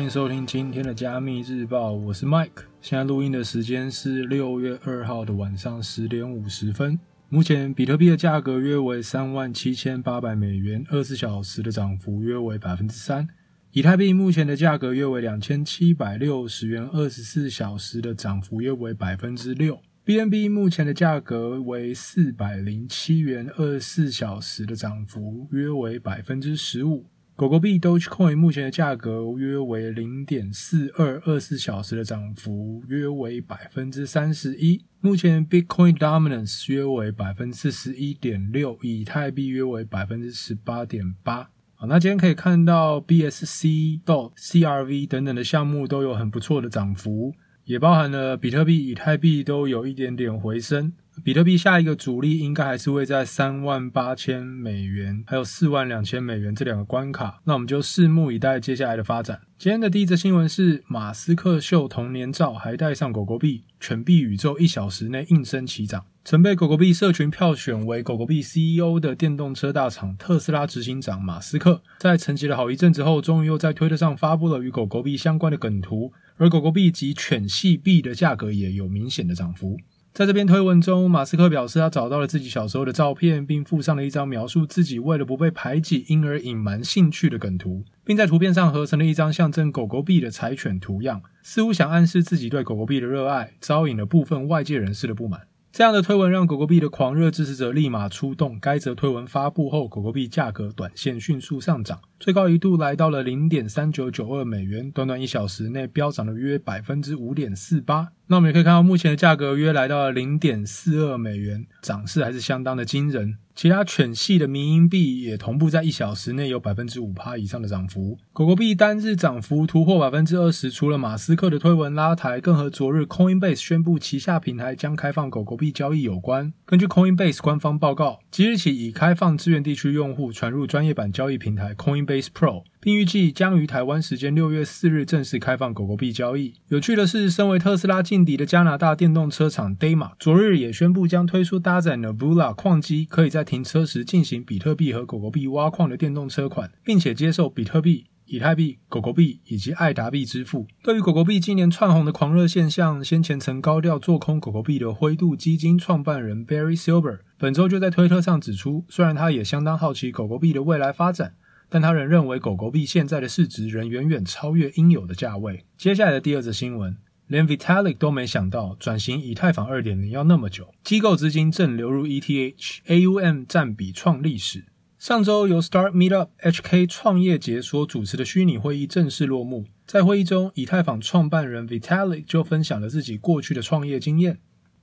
歡迎收聽今天的加密日報，我是 Mike。現在錄音的時間是六月二號的晚上十點五十分。目前比特幣的價格約為三萬七千八百美元，二十四小時的漲幅約為百分之三。以太幣目前的價格約為兩千七百六十元，二十四小時的漲幅約為百分之六。BNB 目前的價格為四百零七元，二十四小時的漲幅約為百分之十五。狗狗幣 Doge Coin 目前的價格約為零點四二，二十小時的漲幅約為百分之三十一。目前 Bitcoin Dominance 約為百分之十一點六，以太幣約為百分之十八點八。好，那今天可以看到 BSC 到 CRV 等等的項目都有很不錯的漲幅，也包含了比特幣、以太幣都有一點點回升。比特幣下一個阻力應該還是會在三萬八千美元，還有四萬兩千美元這兩個關卡。那我們就拭目以待接下來的發展。今天的第一則新聞是，馬斯克秀童年照，還帶上狗狗幣，犬幣宇宙一小時內應聲齊漲。曾被狗狗幣社群票選為狗狗幣 CEO 的電動車大廠特斯拉執行長馬斯克，在沉寂了好一陣子後，終於又在推特上發布了與狗狗幣相關的梗圖，而狗狗幣及犬系幣的價格也有明顯的漲幅。在這篇推文中，馬斯克表示他找到了自己小時候的照片，並附上了一張描述自己為了不被排擠，因而隱瞞興趣的梗圖，並在圖片上合成了一張象徵狗狗幣的柴犬圖樣，似乎想暗示自己對狗狗幣的熱愛，招引了部分外界人士的不滿。這樣的推文讓狗狗幣的狂熱支持者立馬出動。該則推文發布後，狗狗幣價格短線迅速上漲。最高一度來到了零點三九九二美元，短短一小時內飆漲了約百分之五點四八。那我們也可以看到，目前的價格約來到了零點四二美元，漲勢還是相當的驚人。其他犬系的迷因幣也同步在一小時內有百分之五趴以上的漲幅。狗狗幣單日漲幅突破百分之二十，除了馬斯克的推文拉抬，更和昨日 Coinbase 宣布旗下平台將開放狗狗幣交易有關。根據 Coinbase 官方報告，即日起已開放支援地區用戶傳入專業版交易平台 Coin。Base Pro，並預計將於台灣時間六月四日正式開放狗狗幣交易。有趣的是，身為特斯拉勁敵的加拿大電動車廠 Daymak 昨日也宣布將推出搭載 Nebula 礦機，可以在停車時進行比特幣和狗狗幣挖礦的電動車款，並且接受比特幣、以太幣、狗狗幣以及愛達幣支付。對於狗狗幣今年竄紅的狂熱現象，先前曾高調做空狗狗幣的灰度基金創辦人 Barry Silbert 本周就在推特上指出，雖然他也相當好奇狗狗幣的未來發展。但他仍認為狗狗幣現在的市值仍遠遠超越應有的價位。接下來的第二則新聞，連 Vitalik 都沒想到轉型以太坊2.0要那麼久，機構資金正流入 ETH，AUM 佔比創歷史。上周由 Start Meetup HK 創業節所主持的虛擬會議正式落幕，在會議中，以太坊創辦人 Vitalik 就分享了自己過去的創業經驗，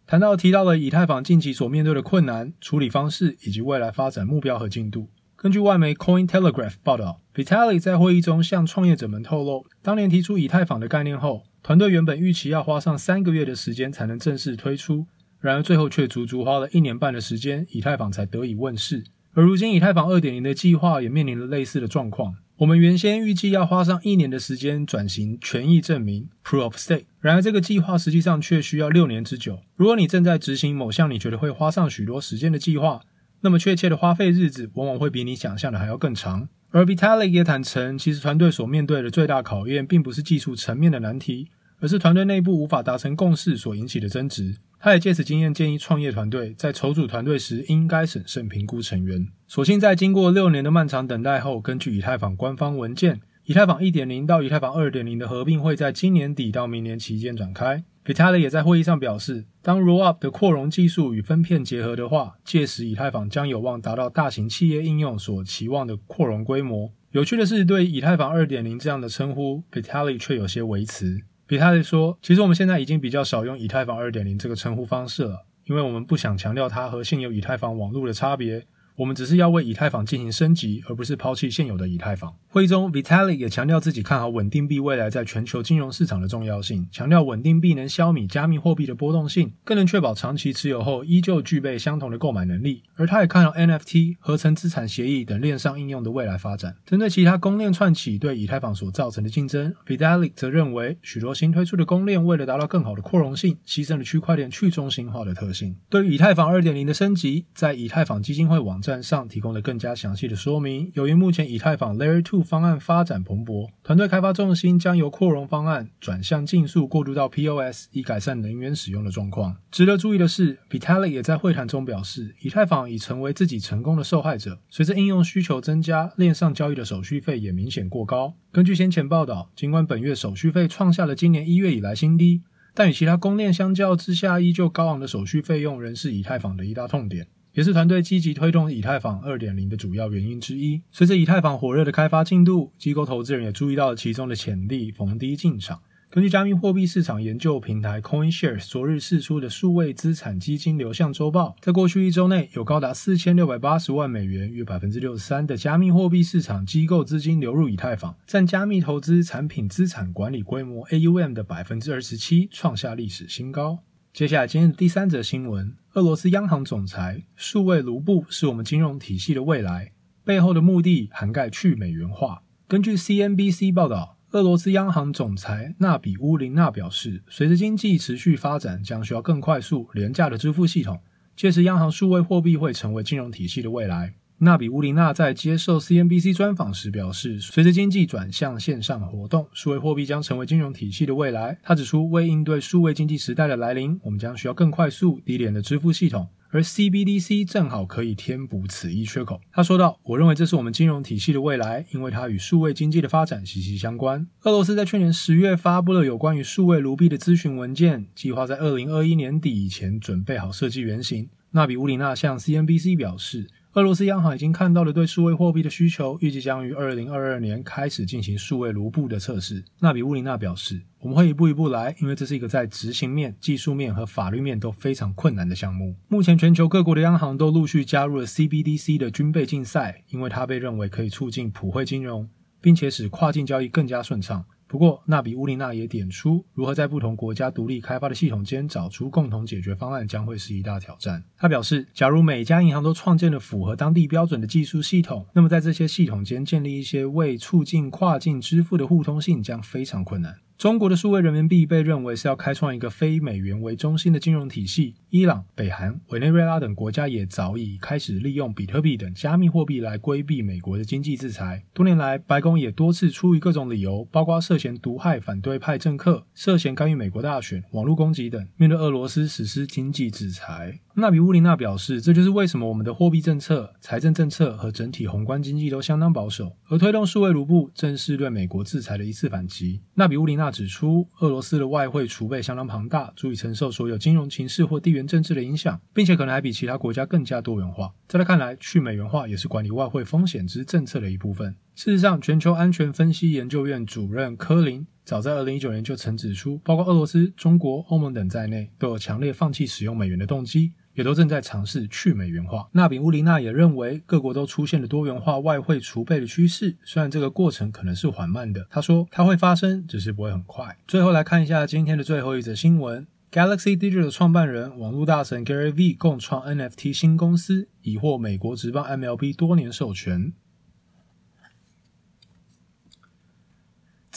談到提到了以太坊近期所面對的困難、處理方式以及未來發展目標和進度。根據外媒 Coin Telegraph 報道，Vitalik 在會議中向創業者們透露，當年提出以太坊的概念後，團隊原本預期要花上三個月的時間才能正式推出，然而最後卻足足花了一年半的時間，以太坊才得以問世。而如今，以太坊二點零的計劃也面臨了類似的狀況。我們原先預計要花上一年的時間轉型權益證明 Proof of Stake，然而這個計劃實際上卻需要六年之久。如果你正在執行某項你覺得會花上許多時間的計劃，那麼確切的花費日子，往往會比你想象的還要更長。而 Vitalik 也坦承，其實團隊所面對的最大考驗，並不是技術層面的難題，而是團隊內部無法達成共識所引起的爭執。他也借此經驗建議創業團隊在籌組團隊時，應該審慎評估成員。所幸，在經過六年的漫長等待後，根據以太坊官方文件，以太坊1.0到以太坊2.0的合併會在今年底到明年期間展開。Vitalik 也在會議上表示，當 Rollup 的擴容技術與分片結合的話，屆時以太坊將有望達到大型企業應用所期望的擴容規模。有趣的是，對以太坊2.0這樣的稱呼，Vitalik 卻有些微詞。Vitalik 說：“其實我們現在已經比較少用以太坊2.0這個稱呼方式了，因為我們不想強調它和現有以太坊網絡的差別。”我們只是要為以太坊進行升級，而不是拋棄現有的以太坊。會議中，Vitalik 也強調自己看好穩定幣未來在全球金融市場的重要性，強調穩定幣能消弭加密貨幣的波動性，更能確保長期持有後依舊具備相同的購買能力。而他也看好 NFT、合成資產協議等鏈上應用的未來發展。針對其他公鏈串起對以太坊所造成的競爭，Vitalik 則認為，許多新推出的公鏈為了達到更好的擴容性，犧牲了區塊鏈去中心化的特性。對於以太坊2.0的升級，在以太坊基金會網站。站上提供了更加詳細的說明。由於目前以太坊 Layer 2方案發展蓬勃，團隊開發重心將由擴容方案轉向競速，過渡到 POS 以改善能源使用的狀況。值得注意的是，Vitalik 也在會談中表示，以太坊已成為自己成功的受害者。隨着應用需求增加，鏈上交易的手續費也明顯過高。根據先前報道，儘管本月手續費創下了今年一月以來新低，但與其他公鏈相較之下，依舊高昂的手續費用仍是以太坊的一大痛點。也是團隊積極推動以太坊二點零的主要原因之一。隨着以太坊火熱的開發進度，機構投資人也注意到了其中的潛力，逢低進場。根據加密貨幣市場研究平台 CoinShares 昨日釋出的數位資產基金流向周報，在過去一周內，有高達四千六百八十萬美元（約百分之六十三）的加密貨幣市場機構資金流入以太坊，占加密投資產品資產管理規模 （AUM） 的百分之二十七，創下歷史新高。接下來，今天的第三則新聞：俄羅斯央行總裁數位盧布是我們金融體系的未來，背後的目的涵蓋去美元化。根據 CNBC 報道，俄羅斯央行總裁納比烏林娜表示，隨着經濟持續發展，將需要更快速、廉價的支付系統，屆時央行數位貨幣會成為金融體系的未來。納比烏林娜在接受 CNBC 專訪時表示，隨着經濟轉向線上活動，數位貨幣將成為金融體系的未來。他指出，為應對數位經濟時代的來臨，我們將需要更快速、低廉的支付系統，而 CBDC 正好可以填補此一缺口。他說道：“我認為這是我們金融體系的未來，因為它與數位經濟的發展息息相關。”俄羅斯在去年十月發布了有關於數位盧布的諮詢文件，計劃在二零二一年底以前準備好設計原型。納比烏林娜向 CNBC 表示。俄羅斯央行已經看到了對數位貨幣的需求，預計將於二零二二年開始進行數位盧布的測試。納比烏林娜表示：“我們會一步一步來，因為這是一個在執行面、技術面和法律面都非常困難的項目。”目前，全球各國的央行都陸續加入了 CBDC 的軍備競賽，因為它被認為可以促進普惠金融，並且使跨境交易更加順暢。不過，納比烏林娜也點出，如何在不同國家獨立開發的系統間找出共同解決方案將會是一大挑戰。他表示，假如每家銀行都創建了符合當地標準的技術系統，那麼在這些系統間建立一些為促進跨境支付的互通性將非常困難。中國的數位人民幣被認為是要開創一個非美元為中心的金融體系。伊朗、北韓、委內瑞拉等國家也早已開始利用比特幣等加密貨幣來規避美國的經濟制裁。多年來，白宮也多次出於各種理由，包括涉嫌毒害反對派政客、涉嫌干預美國大選、網絡攻擊等，面對俄羅斯實施經濟制裁。納比烏林娜表示，這就是為什麼我們的貨幣政策、財政政策和整體宏觀經濟都相當保守，而推動數位盧布正是對美國制裁的一次反擊。納比烏林娜。他指出，俄羅斯的外匯儲備相當龐大，足以承受所有金融情勢或地緣政治的影響，並且可能還比其他國家更加多元化。在他看來，去美元化也是管理外匯風險之政策的一部分。事實上，全球安全分析研究院主任科林早在二零一九年就曾指出，包括俄羅斯、中國、歐盟等在內，都有強烈放棄使用美元的動機。也都正在嘗試去美元化。納比烏里娜也認為，各國都出現了多元化外匯儲備的趨勢，雖然這個過程可能是緩慢的。他說，它會發生，只是不會很快。最後來看一下今天的最後一則新聞：Galaxy Digital 的創辦人、網絡大神 Gary Vee 共創 NFT 新公司，已獲美國職棒 MLB 多年授權。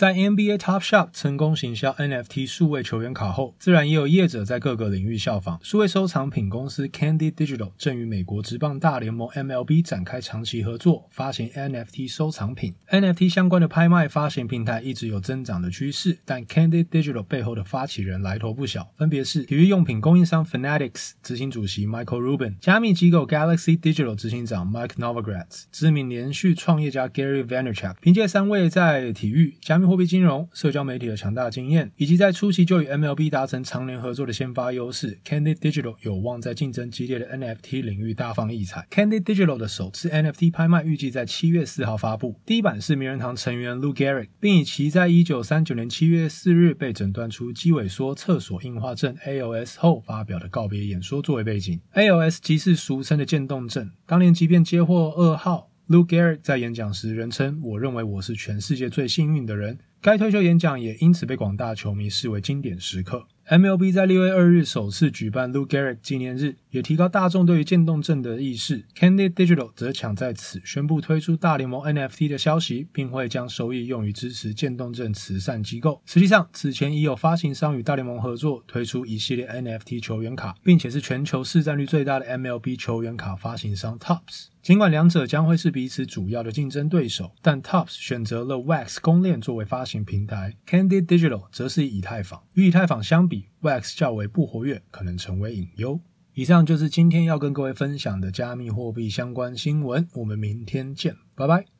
在 NBA Topshop 成功行銷 NFT 數位球員卡後，自然也有業者在各個領域效仿。數位收藏品公司 Candy Digital 正與美國職棒大聯盟 MLB 展開長期合作，發行 NFT 收藏品。NFT 相關的拍賣發行平台一直有增長的趨勢，但 Candy Digital 背後的發起人來頭不小，分別是體育用品供應商 Fanatics 執行主席 Michael Rubin、加密機構 Galaxy Digital 執行長 Mike Novogratz、知名連續創業家 Gary Vaynerchuk，憑借三位在體育、加密，貨幣金融、社交媒體的強大的經驗，以及在初期就與 MLB 達成長年合作的先發優勢，Candy Digital 有望在競爭激烈的 NFT 領域大放異彩。Candy Digital 的首次 NFT 拍賣預計在七月四號發布，第一版是名人堂成員 Lou Gehrig，並以其在一九三九年七月四日被診斷出肌萎縮側索硬化症 ALS 後發表的告別演說作為背景。ALS 即是俗稱的漸凍症，當年即便接獲噩耗。Lou Gehrig 在演講時人稱：“我認為我是全世界最幸運的人。”該退休演講也因此被廣大球迷視為經典時刻。MLB 在六月二日首次舉辦 Lou Gehrig 紀念日，也提高大眾對於漸凍症的意識。Candy Digital 則搶在此宣布推出大聯盟 NFT 的消息，並會將收益用於支持漸凍症慈善機構。實際上，此前已有發行商與大聯盟合作推出一系列 NFT 球員卡，並且是全球市占率最大的 MLB 球員卡發行商 Topps。儘管兩者將會是彼此主要的競爭對手，但 Topps 選擇了 Wax 公鏈作為發行平台，Candy Digital 則是以以太坊。與以太坊相比，Wax 較為不活躍，可能成為隱憂。以上就是今天要跟各位分享的加密貨幣相關新聞，我們明天見，拜拜。